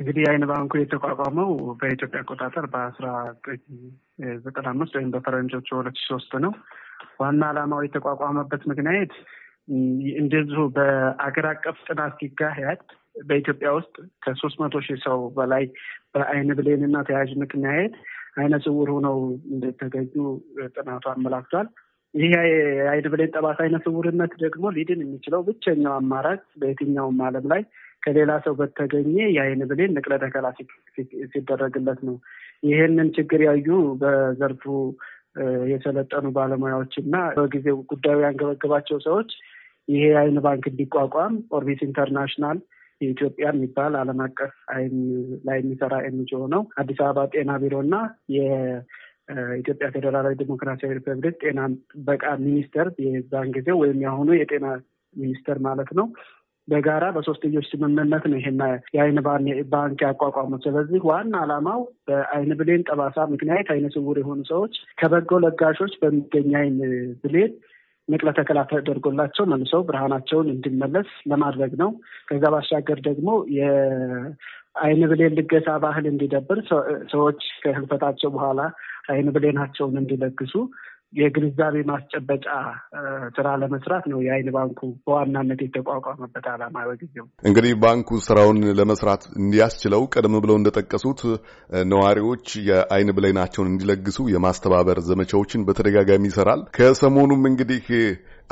እንግዲህ የአይን ባንኩ የተቋቋመው በኢትዮጵያ አቆጣጠር በአስራ ዘጠኝ ዘጠና አምስት ወይም በፈረንጆቹ ሁለት ሺ ሶስት ነው። ዋና ዓላማው የተቋቋመበት ምክንያት እንደዚሁ በአገር አቀፍ ጥናት ሲካሄድ በኢትዮጵያ ውስጥ ከሶስት መቶ ሺህ ሰው በላይ በአይን ብሌንና ተያዥ ምክንያት አይነ ስውር ሆነው እንደተገኙ ጥናቱ አመላክቷል። ይህ የአይን ብሌን ጠባሳ አይነ ስውርነት ደግሞ ሊድን የሚችለው ብቸኛው አማራጭ በየትኛውም ዓለም ላይ ከሌላ ሰው በተገኘ የአይን ብሌን ንቅለ ተከላ ሲደረግለት ነው። ይህንን ችግር ያዩ በዘርፉ የሰለጠኑ ባለሙያዎች እና በጊዜው ጉዳዩ ያንገበገባቸው ሰዎች ይሄ የአይን ባንክ እንዲቋቋም ኦርቢስ ኢንተርናሽናል የኢትዮጵያ የሚባል ዓለም አቀፍ አይን ላይ የሚሰራ ኤንጂኦ ነው። አዲስ አበባ ጤና ቢሮ እና የኢትዮጵያ ፌዴራላዊ ዲሞክራሲያዊ ሪፐብሊክ ጤና ጥበቃ ሚኒስቴር የዛን ጊዜው ወይም የአሁኑ የጤና ሚኒስቴር ማለት ነው በጋራ በሶስትዮች ስምምነት ነው ይሄና የአይን ባንክ ያቋቋሙት። ስለዚህ ዋና ዓላማው በአይን ብሌን ጠባሳ ምክንያት አይነ ስውር የሆኑ ሰዎች ከበጎ ለጋሾች በሚገኝ አይን ብሌን ንቅለ ተከላ ተደርጎላቸው መልሰው ብርሃናቸውን እንዲመለስ ለማድረግ ነው። ከዛ ባሻገር ደግሞ የአይን ብሌን ልገሳ ባህል እንዲደብር ሰዎች ከህልፈታቸው በኋላ አይን ብሌናቸውን እንዲለግሱ የግንዛቤ ማስጨበጫ ስራ ለመስራት ነው የአይን ባንኩ በዋናነት የተቋቋመበት ዓላማ። በጊዜው እንግዲህ ባንኩ ስራውን ለመስራት እንዲያስችለው ቀደም ብለው እንደጠቀሱት ነዋሪዎች የአይን ብሌናቸውን እንዲለግሱ የማስተባበር ዘመቻዎችን በተደጋጋሚ ይሰራል። ከሰሞኑም እንግዲህ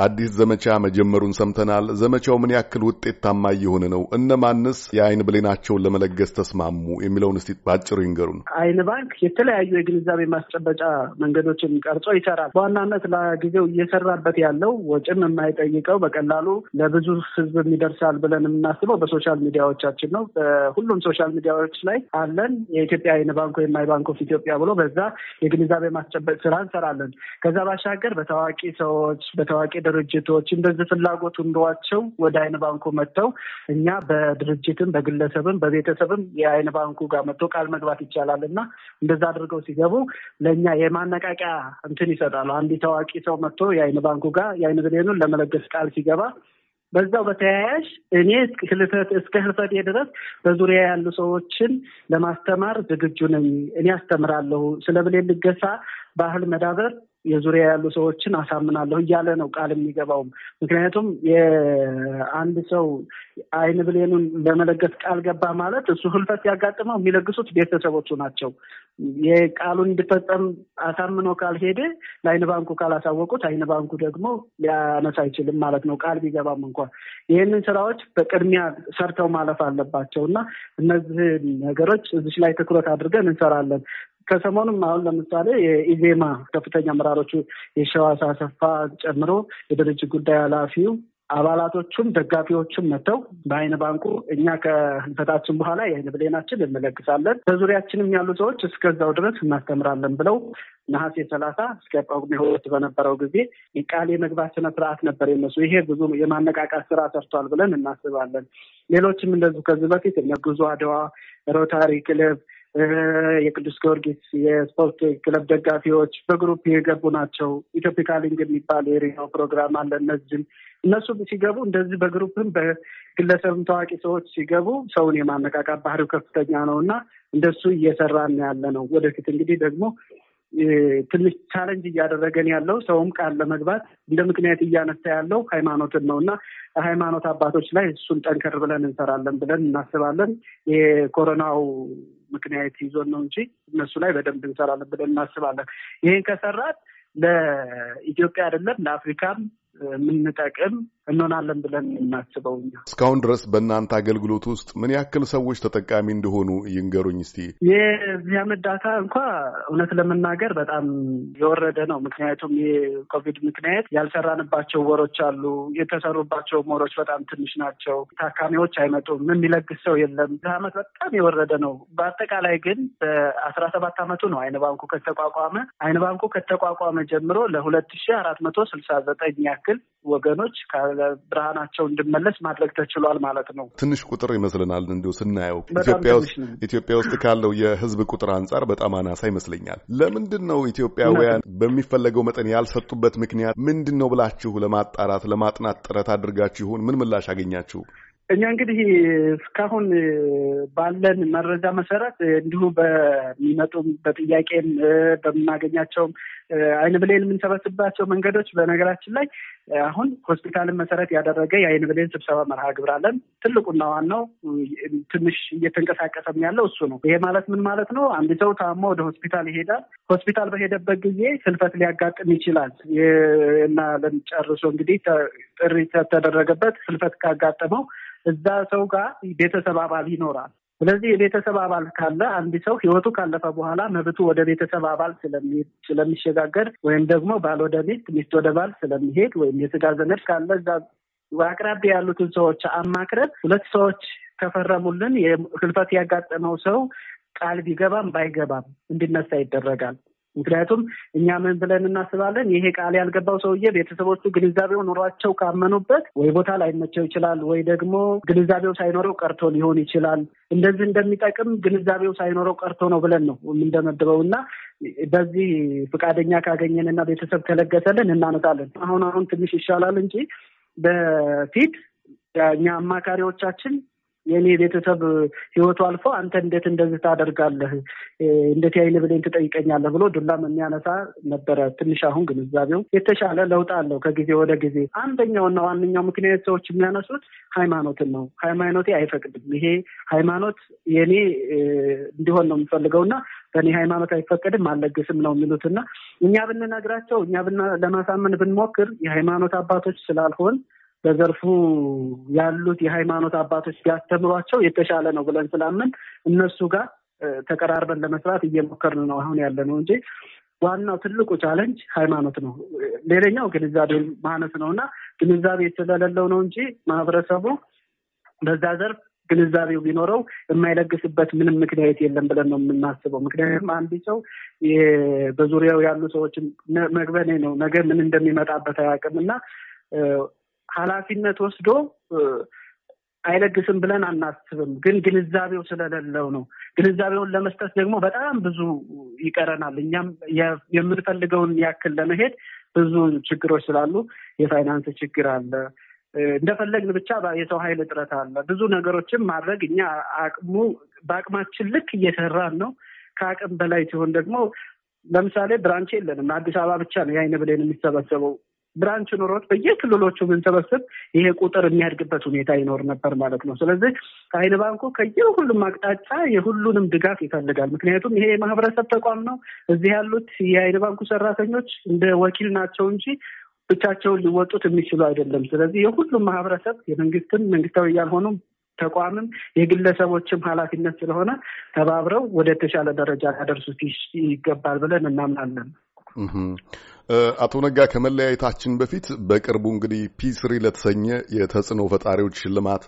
አዲስ ዘመቻ መጀመሩን ሰምተናል። ዘመቻው ምን ያክል ውጤታማ እየሆነ ነው? እነማንስ የአይን ብሌናቸውን ለመለገስ ተስማሙ? የሚለውን እስቲ ባጭሩ ይንገሩን። አይን ባንክ የተለያዩ የግንዛቤ ማስጨበጫ መንገዶችን ቀርጾ ይሰራል። በዋናነት ለጊዜው እየሰራበት ያለው ወጭም የማይጠይቀው በቀላሉ ለብዙ ህዝብ የሚደርሳል ብለን የምናስበው በሶሻል ሚዲያዎቻችን ነው። በሁሉም ሶሻል ሚዲያዎች ላይ አለን። የኢትዮጵያ አይን ባንክ ወይም ማይ ባንክ ኦፍ ኢትዮጵያ ብሎ በዛ የግንዛቤ ማስጨበጥ ስራ እንሰራለን። ከዛ ባሻገር በታዋቂ ሰዎች፣ በታዋቂ ድርጅቶች እንደዚህ ፍላጎቱ እንደዋቸው ወደ አይን ባንኩ መጥተው እኛ በድርጅትም በግለሰብም በቤተሰብም የአይን ባንኩ ጋር መጥቶ ቃል መግባት ይቻላል እና እንደዛ አድርገው ሲገቡ ለእኛ የማነቃቂያ እንትን ይሰጡ ይፈጠራሉ። አንድ ታዋቂ ሰው መጥቶ የአይን ባንኩ ጋር የአይን ብሌኑን ለመለገስ ቃል ሲገባ በዛው በተያያዥ እኔ እስከ ህልፈቴ ድረስ በዙሪያ ያሉ ሰዎችን ለማስተማር ዝግጁ ነኝ፣ እኔ አስተምራለሁ፣ ስለ ብሌን ልገሳ ባህል መዳበር የዙሪያ ያሉ ሰዎችን አሳምናለሁ እያለ ነው ቃል የሚገባውም። ምክንያቱም የአንድ ሰው አይን ብሌኑን ለመለገስ ቃል ገባ ማለት እሱ ህልፈት ያጋጥመው የሚለግሱት ቤተሰቦቹ ናቸው። የቃሉን እንድፈጸም አሳምኖ ካልሄደ ለአይን ባንኩ ካላሳወቁት አይን ባንኩ ደግሞ ሊያነሳ አይችልም ማለት ነው። ቃል ቢገባም እንኳን ይህንን ስራዎች በቅድሚያ ሰርተው ማለፍ አለባቸው እና እነዚህን ነገሮች እዚች ላይ ትኩረት አድርገን እንሰራለን። ከሰሞኑም አሁን ለምሳሌ የኢዜማ ከፍተኛ አመራሮቹ የሸዋስ አሰፋ ጨምሮ የድርጅት ጉዳይ ኃላፊው አባላቶቹም ደጋፊዎቹም መጥተው በአይን ባንኩ እኛ ከህልፈታችን በኋላ የአይን ብሌናችን እንለግሳለን፣ በዙሪያችንም ያሉ ሰዎች እስከዛው ድረስ እናስተምራለን ብለው ነሐሴ ሰላሳ እስከ ጳጉሜ ሁለት በነበረው ጊዜ ቃል የመግባት ስነ ስርዓት ነበር የነሱ። ይሄ ብዙ የማነቃቃት ስራ ሰርቷል ብለን እናስባለን። ሌሎችም እንደዚሁ ከዚህ በፊት እነ ጉዞ አድዋ፣ ሮታሪ ክለብ የቅዱስ ጊዮርጊስ የስፖርት ክለብ ደጋፊዎች በግሩፕ የገቡ ናቸው። ኢትዮፒካሊንግ የሚባል የሬዲዮ ፕሮግራም አለ። እነዚህም እነሱ ሲገቡ እንደዚህ በግሩፕም በግለሰብም ታዋቂ ሰዎች ሲገቡ ሰውን የማነቃቃት ባህሪው ከፍተኛ ነው እና እንደሱ እየሰራን ያለ ነው። ወደፊት እንግዲህ ደግሞ ትንሽ ቻለንጅ እያደረገን ያለው ሰውም ቃል ለመግባት እንደ ምክንያት እያነሳ ያለው ሃይማኖትን ነው እና ሃይማኖት አባቶች ላይ እሱን ጠንከር ብለን እንሰራለን ብለን እናስባለን። የኮሮናው ምክንያት ይዞን ነው እንጂ እነሱ ላይ በደንብ እንሰራለን ብለን እናስባለን። ይህን ከሰራት ለኢትዮጵያ አይደለም ለአፍሪካም የምንጠቅም እንሆናለን ብለን የምናስበው እኛ። እስካሁን ድረስ በእናንተ አገልግሎት ውስጥ ምን ያክል ሰዎች ተጠቃሚ እንደሆኑ ይንገሩኝ እስቲ። የዚህ ዓመት ዳታ እንኳ እውነት ለመናገር በጣም የወረደ ነው። ምክንያቱም የኮቪድ ምክንያት ያልሰራንባቸው ወሮች አሉ። የተሰሩባቸው ወሮች በጣም ትንሽ ናቸው። ታካሚዎች አይመጡም። የሚለግስ ሰው የለም። ይህ አመት በጣም የወረደ ነው። በአጠቃላይ ግን በአስራ ሰባት ዓመቱ ነው አይነ ባንኩ ከተቋቋመ። አይነ ባንኩ ከተቋቋመ ጀምሮ ለሁለት ሺ አራት መቶ ስልሳ ዘጠኝ ያክል ወገኖች ከብርሃናቸው እንድመለስ ማድረግ ተችሏል ማለት ነው። ትንሽ ቁጥር ይመስልናል እንዲሁ ስናየው ኢትዮጵያ ውስጥ ካለው የሕዝብ ቁጥር አንጻር በጣም አናሳ ይመስለኛል። ለምንድን ነው ኢትዮጵያውያን በሚፈለገው መጠን ያልሰጡበት ምክንያት ምንድን ነው ብላችሁ ለማጣራት ለማጥናት ጥረት አድርጋችሁ ይሆን? ምን ምላሽ አገኛችሁ? እኛ እንግዲህ እስካሁን ባለን መረጃ መሰረት እንዲሁ በሚመጡም በጥያቄም በምናገኛቸውም አይን ብሌን የምንሰበስብባቸው መንገዶች በነገራችን ላይ አሁን ሆስፒታልን መሰረት ያደረገ የአይን ብሌን ስብሰባ መርሃ ግብር አለን። ትልቁና ዋናው ትንሽ እየተንቀሳቀሰም ያለው እሱ ነው። ይሄ ማለት ምን ማለት ነው? አንድ ሰው ታሞ ወደ ሆስፒታል ይሄዳል። ሆስፒታል በሄደበት ጊዜ ስልፈት ሊያጋጥም ይችላል እና ለሚጨርሶ እንግዲህ ጥሪ ተደረገበት ስልፈት ካጋጠመው እዛ ሰው ጋር ቤተሰብ አባል ይኖራል። ስለዚህ የቤተሰብ አባል ካለ አንድ ሰው ህይወቱ ካለፈ በኋላ መብቱ ወደ ቤተሰብ አባል ስለሚሸጋገር ወይም ደግሞ ባል ወደ ሚስት፣ ሚስት ወደ ባል ስለሚሄድ ወይም የስጋ ዘመድ ካለ እዛ በአቅራቢ ያሉትን ሰዎች አማክረብ ሁለት ሰዎች ከፈረሙልን የህልፈት ያጋጠመው ሰው ቃል ቢገባም ባይገባም እንዲነሳ ይደረጋል። ምክንያቱም እኛ ምን ብለን እናስባለን? ይሄ ቃል ያልገባው ሰውዬ ቤተሰቦቹ ግንዛቤው ኑሯቸው ካመኑበት ወይ ቦታ ላይመቸው ይችላል፣ ወይ ደግሞ ግንዛቤው ሳይኖረው ቀርቶ ሊሆን ይችላል። እንደዚህ እንደሚጠቅም ግንዛቤው ሳይኖረው ቀርቶ ነው ብለን ነው የምንደመድበው እና በዚህ ፈቃደኛ ካገኘን እና ቤተሰብ ከለገሰልን እናመጣለን። አሁን አሁን ትንሽ ይሻላል እንጂ በፊት እኛ አማካሪዎቻችን የእኔ ቤተሰብ ህይወቱ አልፎ አንተ እንዴት እንደዚህ ታደርጋለህ እንዴት ያይል ብለኝ ትጠይቀኛለህ ብሎ ዱላም የሚያነሳ ነበረ። ትንሽ አሁን ግንዛቤው የተሻለ ለውጥ አለው ከጊዜ ወደ ጊዜ። አንደኛውና ዋነኛው ምክንያት ሰዎች የሚያነሱት ሃይማኖትን ነው። ሃይማኖቴ አይፈቅድም፣ ይሄ ሃይማኖት የእኔ እንዲሆን ነው የምፈልገው ና በእኔ ሃይማኖት አይፈቀድም አለግስም ነው የሚሉትና እኛ ብንነግራቸው እኛ ለማሳመን ብንሞክር የሃይማኖት አባቶች ስላልሆን በዘርፉ ያሉት የሃይማኖት አባቶች ቢያስተምሯቸው የተሻለ ነው ብለን ስላምን እነሱ ጋር ተቀራርበን ለመስራት እየሞከርን ነው አሁን ያለ ነው እንጂ ዋናው ትልቁ ቻለንጅ ሃይማኖት ነው። ሌላኛው ግንዛቤ ማነስ ነው እና ግንዛቤ ስለሌለው ነው እንጂ ማህበረሰቡ በዛ ዘርፍ ግንዛቤው ቢኖረው የማይለግስበት ምንም ምክንያት የለም ብለን ነው የምናስበው። ምክንያቱም አንድ ሰው በዙሪያው ያሉ ሰዎችን መግበኔ ነው ነገ ምን እንደሚመጣበት አያውቅም እና ኃላፊነት ወስዶ አይለግስም ብለን አናስብም። ግን ግንዛቤው ስለሌለው ነው። ግንዛቤውን ለመስጠት ደግሞ በጣም ብዙ ይቀረናል። እኛም የምንፈልገውን ያክል ለመሄድ ብዙ ችግሮች ስላሉ የፋይናንስ ችግር አለ። እንደፈለግን ብቻ የሰው ኃይል እጥረት አለ። ብዙ ነገሮችን ማድረግ እኛ አቅሙ በአቅማችን ልክ እየሰራን ነው። ከአቅም በላይ ሲሆን ደግሞ ለምሳሌ ብራንች የለንም። አዲስ አበባ ብቻ ነው የአይን ብሌን የሚሰበሰበው ብራንች ኖሮት በየክልሎቹ ብንሰበስብ ይሄ ቁጥር የሚያድግበት ሁኔታ ይኖር ነበር ማለት ነው። ስለዚህ አይን ባንኩ ከየሁሉም አቅጣጫ የሁሉንም ድጋፍ ይፈልጋል። ምክንያቱም ይሄ የማህበረሰብ ተቋም ነው። እዚህ ያሉት የአይን ባንኩ ሰራተኞች እንደ ወኪል ናቸው እንጂ ብቻቸውን ሊወጡት የሚችሉ አይደለም። ስለዚህ የሁሉም ማህበረሰብ የመንግስትም መንግስታዊ ያልሆኑም ተቋምም የግለሰቦችም ኃላፊነት ስለሆነ ተባብረው ወደ ተሻለ ደረጃ ሊያደርሱት ይገባል ብለን እናምናለን። አቶ ነጋ ከመለያየታችን በፊት በቅርቡ እንግዲህ ፒስሪ ለተሰኘ የተጽዕኖ ፈጣሪዎች ሽልማት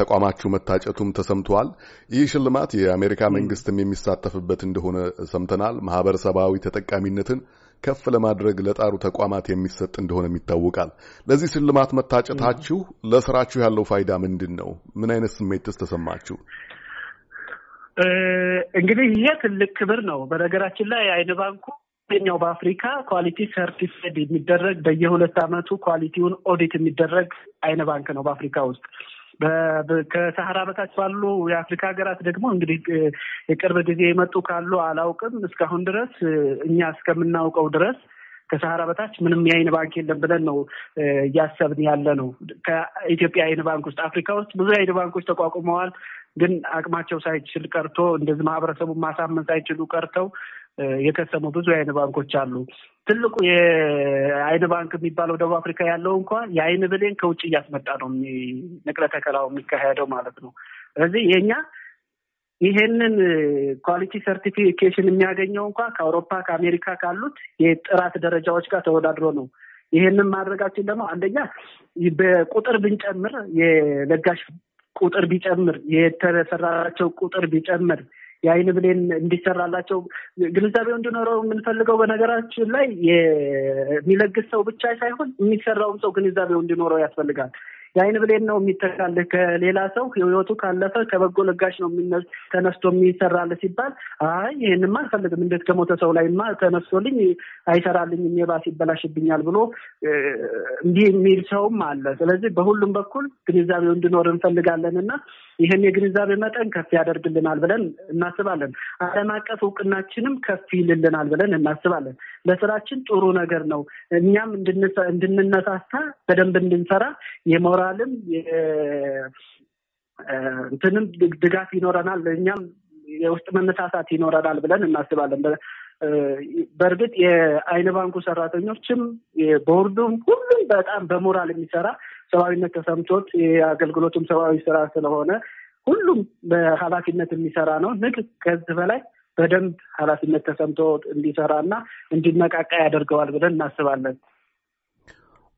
ተቋማችሁ መታጨቱም ተሰምተዋል። ይህ ሽልማት የአሜሪካ መንግስትም የሚሳተፍበት እንደሆነ ሰምተናል። ማህበረሰባዊ ተጠቃሚነትን ከፍ ለማድረግ ለጣሩ ተቋማት የሚሰጥ እንደሆነ ይታወቃል። ለዚህ ሽልማት መታጨታችሁ ለስራችሁ ያለው ፋይዳ ምንድን ነው? ምን አይነት ስሜትስ ተሰማችሁ? እንግዲህ ይሄ ትልቅ ክብር ነው። በነገራችን ላይ አይን ባንኩ ሁለተኛው በአፍሪካ ኳሊቲ ሰርቲፋይድ የሚደረግ በየሁለት ዓመቱ ኳሊቲውን ኦዲት የሚደረግ አይነ ባንክ ነው በአፍሪካ ውስጥ። ከሰሃራ በታች ባሉ የአፍሪካ ሀገራት ደግሞ እንግዲህ የቅርብ ጊዜ የመጡ ካሉ አላውቅም። እስካሁን ድረስ እኛ እስከምናውቀው ድረስ ከሰሐራ በታች ምንም የአይን ባንክ የለም ብለን ነው እያሰብን ያለ ነው። ከኢትዮጵያ አይን ባንክ ውስጥ አፍሪካ ውስጥ ብዙ አይን ባንኮች ተቋቁመዋል። ግን አቅማቸው ሳይችል ቀርቶ እንደዚህ ማህበረሰቡን ማሳመን ሳይችሉ ቀርተው የከሰሙ ብዙ የአይን ባንኮች አሉ። ትልቁ የአይን ባንክ የሚባለው ደቡብ አፍሪካ ያለው እንኳን የአይን ብሌን ከውጭ እያስመጣ ነው ንቅለ ተከላው የሚካሄደው ማለት ነው። ስለዚህ የኛ ይሄንን ኳሊቲ ሰርቲፊኬሽን የሚያገኘው እንኳ ከአውሮፓ ከአሜሪካ ካሉት የጥራት ደረጃዎች ጋር ተወዳድሮ ነው። ይሄንን ማድረጋችን ደግሞ አንደኛ በቁጥር ብንጨምር የለጋሽ ቁጥር ቢጨምር የተሰራቸው ቁጥር ቢጨምር የአይን ብሌን እንዲሰራላቸው ግንዛቤው እንዲኖረው የምንፈልገው በነገራችን ላይ የሚለግስ ሰው ብቻ ሳይሆን የሚሰራውም ሰው ግንዛቤው እንዲኖረው ያስፈልጋል። የአይን ብሌን ነው የሚተካልህ ከሌላ ሰው ህይወቱ ካለፈ ከበጎ ለጋሽ ነው ተነስቶ የሚሰራልህ ሲባል አይ ይህንማ አልፈልግም፣ እንዴት ከሞተ ሰው ላይማ ተነስቶልኝ አይሰራልኝም፣ የባስ ይበላሽብኛል ብሎ እንዲህ የሚል ሰውም አለ። ስለዚህ በሁሉም በኩል ግንዛቤው እንድኖር እንፈልጋለን እና ይህን የግንዛቤ መጠን ከፍ ያደርግልናል ብለን እናስባለን። አለም አቀፍ እውቅናችንም ከፍ ይልልናል ብለን እናስባለን። ለስራችን ጥሩ ነገር ነው። እኛም እንድንነሳሳ በደንብ እንድንሰራ የሞራ ሞራልም እንትንም ድጋፍ ይኖረናል፣ እኛም የውስጥ መነሳሳት ይኖረናል ብለን እናስባለን። በእርግጥ የአይን ባንኩ ሰራተኞችም ቦርዱም ሁሉም በጣም በሞራል የሚሰራ ሰብአዊነት ተሰምቶት የአገልግሎቱም ሰብአዊ ስራ ስለሆነ ሁሉም በኃላፊነት የሚሰራ ነው። ንግ ከዚህ በላይ በደንብ ኃላፊነት ተሰምቶ እንዲሰራ እና እንዲነቃቃ ያደርገዋል ብለን እናስባለን።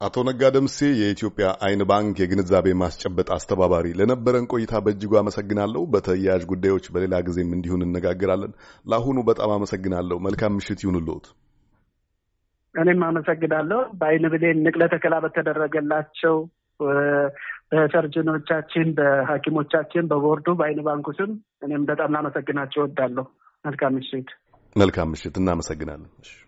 አቶ ነጋ ደምሴ የኢትዮጵያ አይን ባንክ የግንዛቤ ማስጨበጥ አስተባባሪ፣ ለነበረን ቆይታ በእጅጉ አመሰግናለሁ። በተያያዥ ጉዳዮች በሌላ ጊዜም እንዲሁን እነጋገራለን። ለአሁኑ በጣም አመሰግናለሁ። መልካም ምሽት ይሁንልዎት። እኔም አመሰግናለሁ። በአይን ብሌን ንቅለ ተከላ በተደረገላቸው በሰርጅኖቻችን፣ በሐኪሞቻችን፣ በቦርዱ፣ በአይን ባንኩ ስም እኔም በጣም ላመሰግናቸው እወዳለሁ። መልካም ምሽት። መልካም ምሽት። እናመሰግናለን።